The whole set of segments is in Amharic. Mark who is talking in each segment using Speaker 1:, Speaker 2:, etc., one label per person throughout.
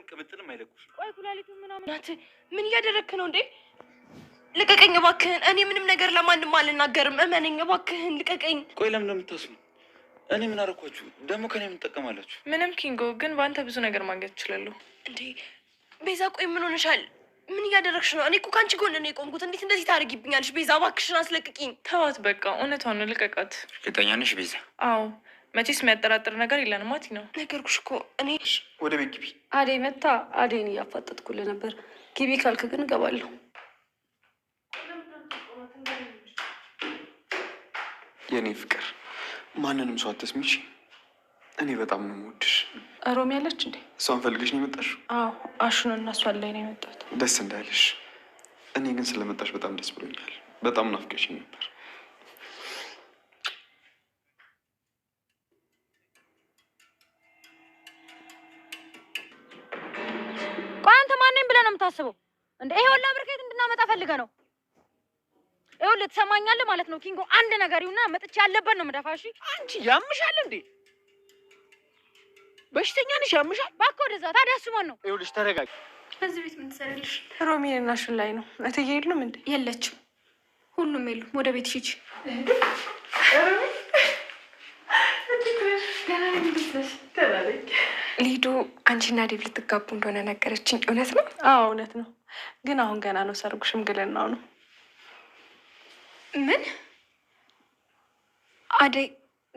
Speaker 1: ሌሎችም ቅምጥልም አይለቁሽ።
Speaker 2: ቆይ ኩላሊቱ ምናምን ምን እያደረግክ ነው እንዴ? ልቀቀኝ እባክህን። እኔ ምንም ነገር ለማንም አልናገርም። እመነኝ እባክህን፣ ልቀቀኝ።
Speaker 1: ቆይ ለምን ነው እኔ ምን አደረኳችሁ ደግሞ? ከኔ ምን ትጠቀማላችሁ?
Speaker 3: ምንም ኪንጎ፣ ግን በአንተ ብዙ ነገር ማግኘት እችላለሁ።
Speaker 2: እንዴ ቤዛ፣ ቆይ ምን ሆነሻል? ምን እያደረግሽ ነው? እኔ እኮ ከአንቺ ጎን ነው የቆምኩት። እንዴት እንደዚህ ታደርጊብኛለሽ? ቤዛ እባክሽን አስለቅቂኝ።
Speaker 3: ተዋት በቃ፣ እውነቷን ነው። ልቀቃት።
Speaker 1: እርግጠኛ ነሽ ቤዛ?
Speaker 3: አዎ መቼስ የሚያጠራጥር ነገር የለን። ማቲ ነው
Speaker 2: ነገርኩሽ እኮ እኔ። ወደ ቤት ግቢ። አዴ መታ። አዴን እያፋጠጥኩልህ ነበር። ግቢ ካልክ ግን እገባለሁ።
Speaker 1: የእኔ ፍቅር ማንንም ሰው አትስሚሽ። እኔ በጣም ነው የምወድሽ። ሮሚ ያለች እንዴ? እሷን ፈልገሽ ነው የመጣሽው?
Speaker 2: አዎ አሹን እና እሷን ላይ ነው የመጣሁት።
Speaker 1: ደስ እንዳለሽ። እኔ ግን ስለመጣሽ በጣም ደስ ብሎኛል። በጣም ናፍቀሽኝ ነበር።
Speaker 2: የምታስበው? እንደ ይሄ ሁላ እንድናመጣ ፈልገ ነው? ይኸውልህ ትሰማኛለህ ማለት ነው ኪንጎ፣ አንድ ነገር ይሁንና መጥቼ ያለበት ነው መደፋሽ።
Speaker 3: አንቺ ያምሻል እንዴ? በሽተኛ ነሽ፣ ያምሻል።
Speaker 2: እባክህ ወደዛ። ታዲያ እሱ ማን ነው?
Speaker 1: ይኸውልሽ ተረጋጊ።
Speaker 2: በዚህ ቤት ምን ትሰሪልሽ?
Speaker 3: ሮሚን እና ሹን ላይ ነው። እትዬ የሉም እንዴ?
Speaker 2: የለችም። ሁሉም የሉም። ወደ ቤትሽ ሂጂ። ሮሚ ገና ነኝ። ሊዱ አንቺና ዴቭ ልትጋቡ እንደሆነ ነገረችኝ። እውነት ነው?
Speaker 3: አዎ እውነት ነው። ግን አሁን ገና ነው ሰርጉ፣ ሽምግልናው ነው።
Speaker 2: ምን አደይ፣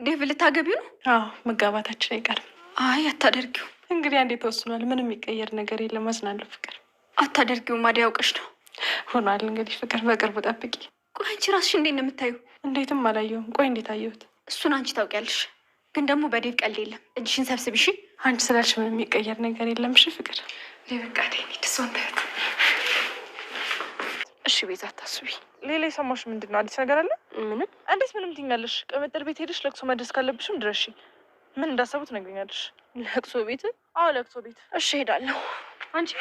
Speaker 2: ዴቭ ልታገቢው ነው?
Speaker 3: አዎ መጋባታችን አይቀርም።
Speaker 2: አይ አታደርጊው።
Speaker 3: እንግዲህ አንዴ ተወስኗል። ምንም የሚቀየር ነገር የለም። አዝናለሁ ፍቅር።
Speaker 2: አታደርጊውም አደይ፣ ያውቅሽ ነው
Speaker 3: ሆኗል። እንግዲህ ፍቅር፣ በቅርቡ ጠብቂ።
Speaker 2: ቆይ አንቺ ራስሽ እንዴት ነው የምታየው?
Speaker 3: እንዴትም አላየሁም። ቆይ እንዴት አየሁት?
Speaker 2: እሱን አንቺ ታውቂያለሽ። ግን ደግሞ በዴቭ ቀልድ የለም። እጅሽን ሰብስብ እሺ።
Speaker 3: አንቺ ስላልሽ ምንም የሚቀየር ነገር የለም። እሺ ፍቅር
Speaker 2: በቃ እሺ ቤዛ አታስቢ።
Speaker 3: ሌላ የሰማሽ ምንድን ነው? አዲስ ነገር አለ? ምንም። እንዴት ምንም ትኛለሽ? ቅምጥል ቤት ሄደሽ ለቅሶ መድረስ ካለብሽም ድረሽ። ምን እንዳሰቡት ነግሪኛለሽ።
Speaker 2: ለቅሶ ቤት? አዎ ለቅሶ ቤት። እሺ ሄዳለሁ። አንቺ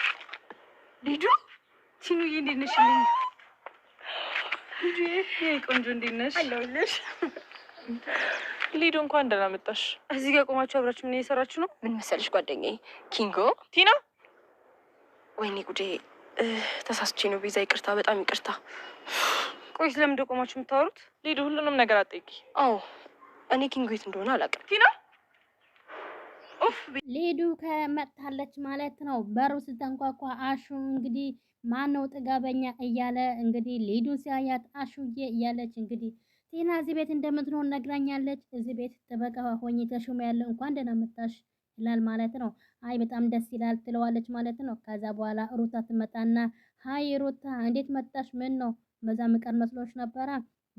Speaker 2: ልጁ
Speaker 3: ሲኑዬ እንዴት ነሽ? ልጁ ቆንጆ እንዴት ነሽ? አለሁልሽ ሊዱ እንኳን ደህና መጣሽ።
Speaker 2: እዚህ ጋር ቆማችሁ አብራችሁ ምን እየሰራችሁ ነው? ምን መሰለሽ ጓደኛዬ ኪንጎ ቲና። ወይኔ ጉዴ ተሳስቼ ነው ቤዛ፣ ይቅርታ፣ በጣም ይቅርታ።
Speaker 3: ቆይ ስለምን ቆማችሁ የምታወሩት? ሊዱ ሁሉንም ነገር አጠይቂ።
Speaker 2: አዎ እኔ ኪንጎ የት እንደሆነ አላውቅም። ቲና
Speaker 4: ሊዱ ከመጣለች ማለት ነው። በሩ ስተንኳኳ አሹ እንግዲህ ማነው ጥጋበኛ እያለ እንግዲህ ሊዱ ሲያያት አሹዬ እያለች እንግዲህ ቲና እዚህ ቤት እንደምትኖር ነግራኛለች። እዚህ ቤት ጥበቃ ሆኜ ተሾመ ያለው እንኳን ደህና መጣሽ ይላል ማለት ነው። አይ በጣም ደስ ይላል ትለዋለች ማለት ነው። ከዛ በኋላ ሩታ ትመጣና ሀይ ሩታ እንዴት መጣሽ? ምን ነው በዛ ምቀር መስሎች ነበረ?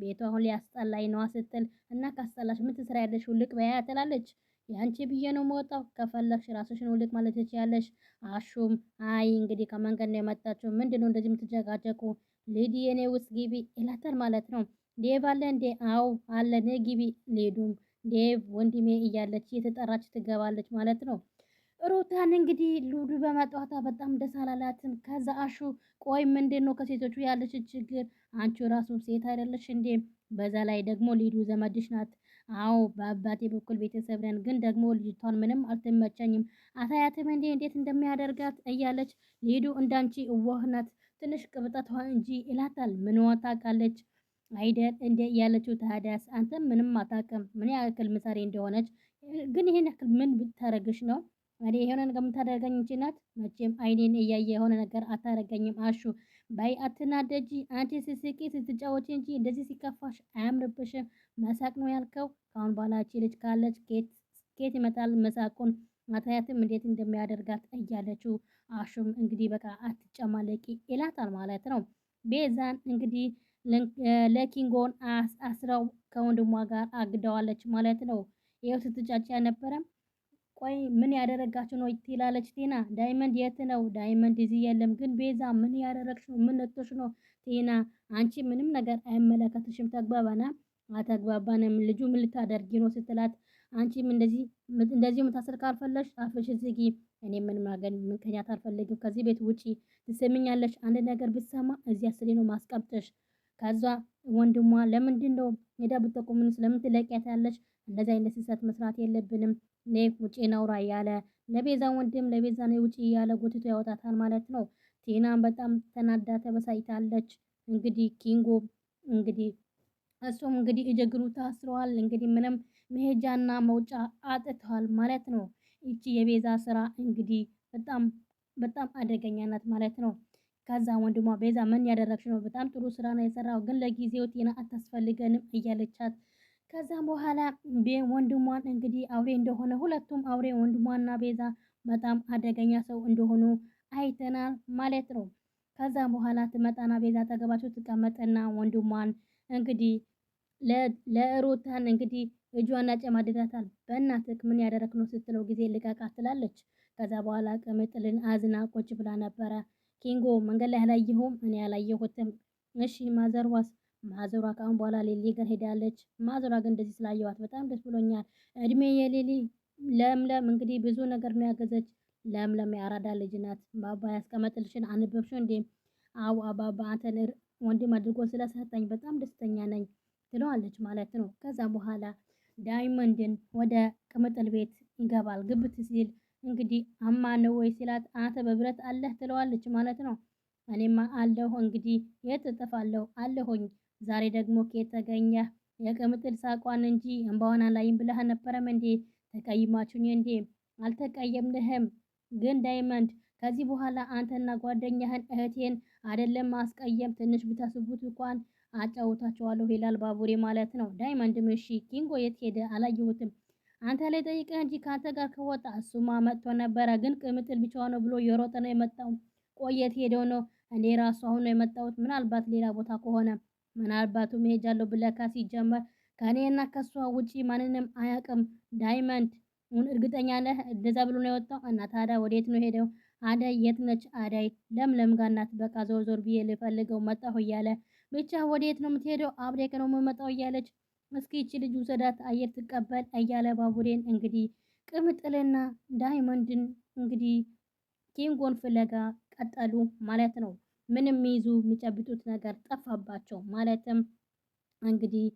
Speaker 4: ቤቱ አሁን ሊያስጠላኝ ነዋ ስትል እና ካስጠላሽ ምን ትስራ ያለሽ ውልቅ በያ ትላለች። የአንቺ ብዬ ነው መወጣው ከፈለግሽ ራስሽን ውልቅ ማለት ትችያለሽ። አሹም አይ እንግዲህ ከመንገድ ነው የመጣችው ምንድነው እንደዚህ የምትጨቃጨቁ ልዲ የኔ ውስጥ ግቢ ይላታል ማለት ነው። ዴቭ አለ እንዴ? አዎ አለ። ግቢ ሌዱም ዴቭ ወንድሜ እያለች እየተጠራች ትገባለች ማለት ነው። ሩታን እንግዲህ ሉዱ በመጣቷ በጣም ደስ አላላትም። ከዛ አሹ ቆይ ምንድን ነው ከሴቶቹ ያለች ችግር? አንቺ ራሱ ሴት አይደለሽ እንዴ? በዛ ላይ ደግሞ ሊዱ ዘመድሽ ናት። አዎ በአባቴ በኩል ቤተሰብ ነን፣ ግን ደግሞ ልጅቷን ምንም አልተመቸኝም። አታያትም እንዴ እንዴት እንደሚያደርጋት እያለች ሊዱ እንዳንቺ እዋህ ናት፣ ትንሽ ቅብጠቷ እንጂ ይላታል። ምንዋ ታውቃለች አይደል እንደ ያለችው ታዲያስ አንተ ምንም አታውቅም ምን ያክል ምሳሌ እንደሆነች ግን ይሄን ያክል ምን ብታረግሽ ነው እኔ የሆነ ነገር የምታደርገኝ እንጂ ናት መቼም አይኔን እያየ የሆነ ነገር አታደርገኝም። አሹ ባይ አትናደጂ፣ አንቺ ስስቂ ስትጫወች እንጂ እንደዚህ ሲከፋሽ አያምርብሽም። መሳቅ ነው ያልከው? ካሁን በኋላ ልጅ ካለች ኬት ይመጣል መሳቁን ማታያትም እንዴት እንደሚያደርጋት እያለችው አሹም እንግዲህ በቃ አትጨማለቂ ይላታል ማለት ነው ቤዛን እንግዲህ ለኪንጎን አስረው ከወንድሟ ጋር አግደዋለች ማለት ነው። ይኸው ስትጫጫ ነበረም። ቆይ ምን ያደረጋችሁ ነው ትላለች ቲና። ዳይመንድ የት ነው? ዳይመንድ እዚህ የለም። ግን ቤዛ ምን ያደረግሽ ነው? ምን ነክቶሽ ነው? ቲና አንቺ ምንም ነገር አይመለከትሽም። ተግባባና አተግባባንም። ልጁ ምን ልታደርጊ ነው ስትላት አንቺም እንደዚህ እንደዚህ መታሰር ካልፈለሽ አፍሽ ዝጊ። እኔ ምን ማገን ምክንያት አልፈልግም። ከዚህ ቤት ውጪ ትሰሚኛለሽ? አንድ ነገር ብትሰማ እዚህ አስሬ ነው ማስቀምጥሽ። ከዛ ወንድሟ ለምንድን ነው ሄዳ ብትጠቁምንስ ለምን ትለቂያታለሽ? እንደዚህ አይነት ስህተት መስራት የለብንም ነይ ውጪ ነውራ እያለ ለቤዛ ወንድም ለቤዛ ነው ውጪ እያለ ጎትቶ ያወጣታል ማለት ነው። ቲናም በጣም ተናዳ ተበሳጭታለች። እንግዲህ ኪንጎ እንግዲህ እሱም እንግዲህ እጀግሩ ታስረዋል። እንግዲህ ምንም መሄጃና መውጫ አጥተዋል ማለት ነው። ይቺ የቤዛ ስራ እንግዲህ በጣም በጣም አደገኛ ናት ማለት ነው። ከዛ ወንድሟ ቤዛ ምን ያደረግሽ ነው? በጣም ጥሩ ስራ ነው የሰራው፣ ግን ለጊዜው ጤና አታስፈልገንም እያለቻት ከዛም በኋላ ወንድሟን እንግዲህ አውሬ እንደሆነ ሁለቱም አውሬ ወንድሟና ቤዛ በጣም አደገኛ ሰው እንደሆኑ አይተናል ማለት ነው። ከዛም በኋላ ትመጣና ቤዛ አጠገባቸው ትቀመጥና ወንድሟን እንግዲህ ለሩታን እንግዲህ እጇና ጨማድዳታል። በእናትህ ምን ያደረግ ነው ስትለው ጊዜ ልቀቃት ትላለች። ከዛ በኋላ ቅምጥልን አዝና ቁጭ ብላ ነበረ። ኪንጎ መንገድ ላይ አላየኸውም? እኔ አላየሁትም። እሺ ማዘርዋስ? ማዘሯ ከአሁን በኋላ ሌሊ ጋር ሄዳለች። ማዘሯ ግን እንደዚህ ስላየዋት በጣም ደስ ብሎኛል። እድሜ የሌሊ ለምለም እንግዲህ ብዙ ነገር ነው ያገዘች። ለምለም የአራዳ ልጅ ናት። ባባ ያስቀመጥልሽን አንበብሽው እንዴ? አው አባባ አንተን ወንድም አድርጎ ስለሰጠኝ በጣም ደስተኛ ነኝ ትለዋለች ማለት ነው። ከዛ በኋላ ዳይመንድን ወደ ቅምጥል ቤት ይገባል። ግብት ሲል እንግዲህ አማ ነው ወይ ሲላት አንተ በብረት አለህ ትለዋለች ማለት ነው። እኔማ አለሁ እንግዲህ የት እጠፋለሁ አለሁኝ። ዛሬ ደግሞ ከየት ተገኘህ? የቅምጥል ሳቋን እንጂ እምባዋን አላይም ብለህ ነበረም እንዴ? ተቀይማችሁኝ እንዴ? አልተቀየምንህም። ግን ዳይመንድ ከዚህ በኋላ አንተና ጓደኛህን እህቴን አይደለም ማስቀየም ትንሽ ብታስቡት እንኳን አጫውታቸዋለሁ ይላል ባቡሬ ማለት ነው። ዳይመንድም እሺ ኪንጎ የት ሄደ አላየሁትም አንተ ላይ ጠይቀህ እንጂ ከአንተ ጋር ከወጣ እሱማ መጥቶ ነበረ፣ ግን ቅምጥል ብቻ ነው ብሎ የሮጠ ነው የመጣው። ቆየት ሄደው ነው እኔ ራሱ አሁን ነው የመጣሁት። ምናልባት ሌላ ቦታ ከሆነ ምናልባቱ መሄጃለሁ ብለካ ሲጀመር ከእኔና ከሷ ውጪ ማንንም አያውቅም። ዳይመንድ እርግጠኛ ነህ እንደዛ ብሎ ነው የወጣው? እና ታዲያ ወዴት ነው ሄደው? አዳይ የት ነች? አዳይ ለምለም ጋር ናት። በቃ ዞር ዞር ብዬ ልፈልገው መጣሁ እያለ ብቻ ወዴት ነው የምትሄደው? አብሬ ነው የምመጣው እያለች እስኪ ይቺ ልጅ ውሰዳት አየር ትቀበል እያለ ባቡሬን እንግዲህ ቅምጥልና ዳይመንድን እንግዲህ ኪንጎን ፍለጋ ቀጠሉ ማለት ነው። ምንም ይዙ የሚጨብጡት ነገር ጠፋባቸው። ማለትም እንግዲህ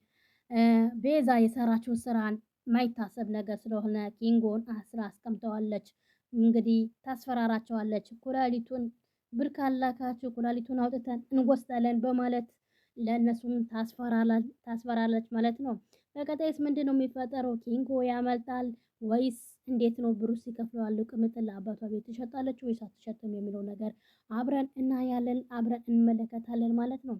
Speaker 4: ቤዛ የሰራችው ስራን ማይታሰብ ነገር ስለሆነ ኪንጎን አስራ አስቀምጠዋለች። እንግዲህ ታስፈራራቸዋለች። ኩላሊቱን ብር ካላካችሁ ኩላሊቱን አውጥተን እንወስዳለን በማለት ለእነሱም ታስፈራለች ማለት ነው። በቀጣይስ ምንድን ነው የሚፈጠረው? ኪንጎ ያመልጣል ወይስ እንዴት ነው? ብሩስ ይከፍለዋል? ቅምጥል ለአባቷ ቤት ትሸጣለች ወይስ አትሸጥም የሚለው ነገር አብረን እናያለን፣ አብረን እንመለከታለን ማለት ነው።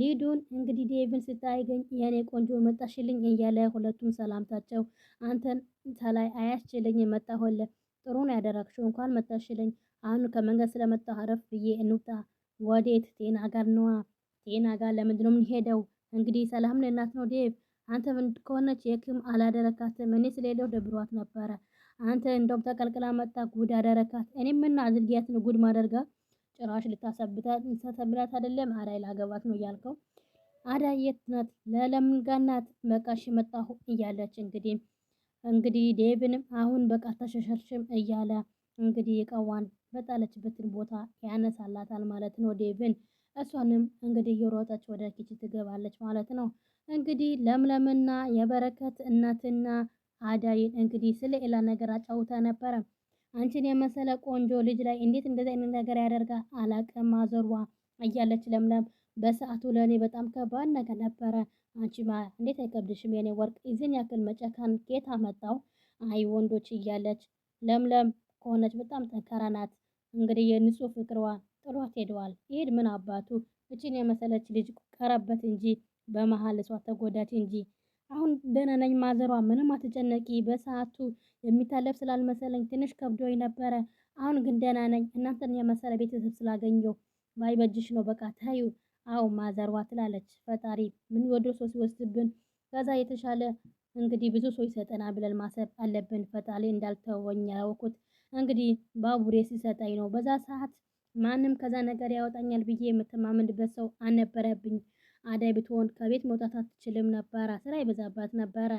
Speaker 4: ሊዱን እንግዲህ ዴቭን ስታይገኝ የኔ ቆንጆ መጣሽልኝ እያለ ሁለቱም ሰላምታቸው፣ አንተን ተላይ አያስችልኝ መጣሁልህ፣ ጥሩ ነው ያደረግሽው፣ እንኳን መጣሽልኝ። አሁን ከመንገድ ስለመጣሁ አረፍ ብዬ እንውጣ። ወዴት? ጤና ጋር ነዋ ጤና ጋር ለምንድን ነው የምንሄደው? እንግዲህ ሰላም ለእናት ነው ዴቭ። አንተ ምን ከሆነች የክም አላደረካትም። እኔ ስለሌለው ደብሯት ነበረ። አንተ እንደውም ተቀልቅላ መጣ፣ ጉድ አደረካት። እኔ ምን ነው ጉድ ማደርጋ ጭራሽ ልታሰብታት ልታሰብላት አይደለም አዳይ ላገባት ነው እያልከው አዳይ የት ናት? ለለምን ጋናት መቃሽ መጣሁ እያለች እንግዲህ እንግዲህ ዴቭንም አሁን በቃ ተሸሸርሽም እያለ እንግዲህ እቃዋን በጣለችበትን ቦታ ያነሳላታል ማለት ነው ዴቭን እሷንም እንግዲህ እየሮጠች ወደ ኪችን ትገባለች ማለት ነው። እንግዲህ ለምለምና የበረከት እናትና አዳይን እንግዲህ ስለ ሌላ ነገር አጫውታ ነበረ። አንቺን የመሰለ ቆንጆ ልጅ ላይ እንዴት እንደዚህ አይነት ነገር ያደርጋ አላቅም ማዘሯ እያለች ለምለም በሰዓቱ ለእኔ በጣም ከባድ ነገር ነበረ። አንቺ ማ እንዴት አይከብድሽም የኔ ወርቅ ይህን ያክል መጨካን ጌታ መጣው አይ ወንዶች እያለች ለምለም ከሆነች በጣም ጠንካራ ናት። እንግዲህ የንጹህ ፍቅሯ ጥሏት ሄደዋል። ይሄድ ምን አባቱ እችን የመሰለች ልጅ ቀረበት እንጂ በመሀል እሷ ተጎዳች እንጂ አሁን ደህና ነኝ ማዘሯ፣ ምንም አትጨነቂ። በሰዓቱ የሚታለፍ ስላልመሰለኝ ትንሽ ከብዶኝ ነበረ። አሁን ግን ደህና ነኝ። እናንተን የመሰለ ቤተሰብ ስላገኘው ባይበጅሽ ነው በቃ ታዩ። አዎ ማዘሯ ትላለች። ፈጣሪ ምን ወደ ሰው ሲወስድብን ከዛ የተሻለ እንግዲህ ብዙ ሰው ይሰጠናል ብለን ማሰብ አለብን። ፈጣሪ እንዳልተወኝ ያወቁት እንግዲህ ባቡሬ ሲሰጠኝ ነው በዛ ሰዓት ማንም ከዛ ነገር ያወጣኛል ብዬ የምተማመንበት ሰው አልነበረብኝ። አዳይ ብትሆን ከቤት መውጣት አትችልም ነበረ፣ ስራ ይበዛባት ነበረ።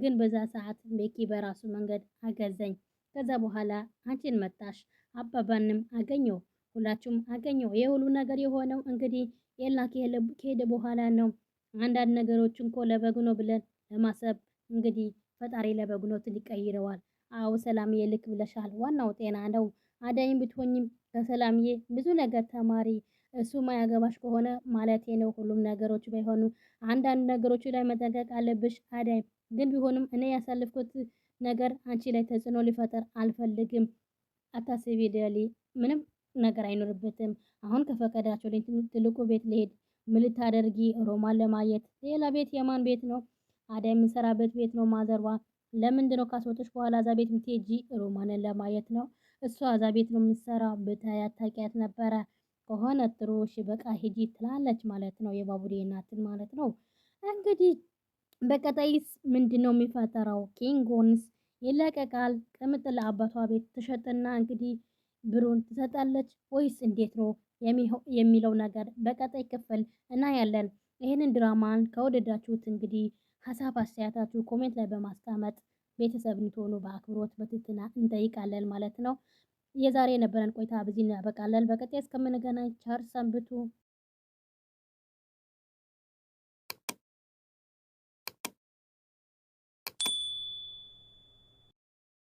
Speaker 4: ግን በዛ ሰዓት ቤኪ በራሱ መንገድ አገዘኝ። ከዛ በኋላ አንቺን መጣሽ፣ አባባንም አገኘው፣ ሁላችሁም አገኘው። የሁሉ ነገር የሆነው እንግዲህ ኤላ ከሄደ በኋላ ነው። አንዳንድ ነገሮችን እንኮ ለበጎ ነው ብለን ለማሰብ እንግዲህ ፈጣሪ ለበጎ ነው ይቀይረዋል። አዎ ሰላም የልክ ብለሻል። ዋናው ጤና ነው። አዳኝ ብትሆኝም ከሰላምዬ ብዙ ነገር ተማሪ። እሱ ማያገባሽ ከሆነ ማለት ነው። ሁሉም ነገሮች ባይሆኑ አንዳንድ ነገሮች ላይ መጠንቀቅ አለብሽ አዳይ። ግን ቢሆንም እኔ ያሳልፍኩት ነገር አንቺ ላይ ተጽዕኖ ሊፈጠር አልፈልግም። አታስቢ ደሊ፣ ምንም ነገር አይኖርበትም። አሁን ከፈቀዳቸው ላይ ትልቁ ቤት ልሄድ ምን ልታደርጊ? ሮማን ለማየት። ሌላ ቤት የማን ቤት ነው? አዳይ የምንሰራበት ቤት ነው። ማዘርዋ ለምንድነው ካስወጦች በኋላ እዛ ቤት የምትሄጂ? ሮማንን ለማየት ነው። እሷ እዛ ቤት ነው የምትሰራው። ብታያት ታውቂያት ነበረ ከሆነ ጥሩ እሺ፣ በቃ ሂጂ ትላለች ማለት ነው፣ የባቡሬ እናትን ማለት ነው። እንግዲህ በቀጣይስ ምንድን ነው የሚፈጠረው? ኪንጎንስ ይለቀቃል? ቅምጥል አባቷ ቤት ትሸጥና እንግዲህ ብሩን ትሰጣለች ወይስ እንዴት ነው የሚለው ነገር በቀጣይ ክፍል እናያለን። ይህንን ድራማን ከወደዳችሁት እንግዲህ ሀሳብ አስተያየታችሁ ኮሜንት ላይ በማስቀመጥ ቤተሰብ እንድትሆኑ በአክብሮት በትህትና እንጠይቃለን ማለት ነው። የዛሬ የነበረን ቆይታ በዚህ እናበቃለን። በቀጣይ እስከምንገናኝ ቸር ሰንብቱ።